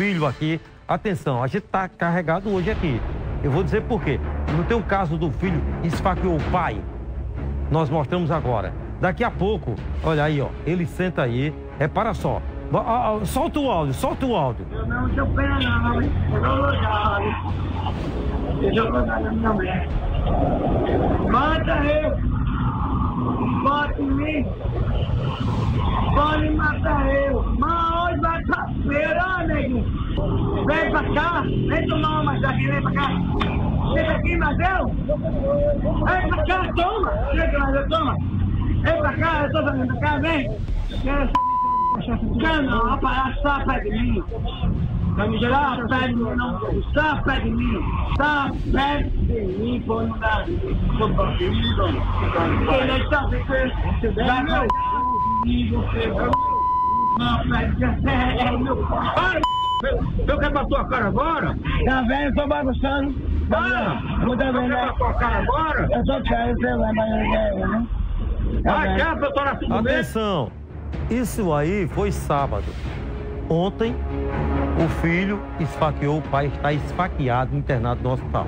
filho aqui. Atenção, a gente está carregado hoje aqui. Eu vou dizer por quê. Não tem o caso do filho esfaqueou o pai. Nós mostramos agora. Daqui a pouco, olha aí, ó. Ele senta aí. Repara é só. Solta o áudio, solta o áudio. Eu não pena não, eu Eu Mata eu! Bate em mim! Pode matar eu! pra cá. Vem tomar uma daqui, vem pra cá. Vem aqui, Marcelo. Vem pra cá, toma. Chega, Marcelo, toma. Vem pra cá, eu tô fazendo pra cá, vem. Quero Cano, aparar sapa de mim. me gerar pé de mim, não. Sapa de mim. Sapa de mim, pô, não dá. Tô bandido. É ele está ficando. Vai meu. Você é meu. Não, pé de mim, é meu. Para. Eu quero é pra tua cara agora? Tá vendo? Tô bagunçando. Para! Não tá Eu quero é pra tua cara agora? Eu tô querendo, sei lá, mas eu quero, né? Tá quieto, eu Atenção! Isso aí foi sábado. Ontem, o filho esfaqueou o pai, está esfaqueado, internado no hospital.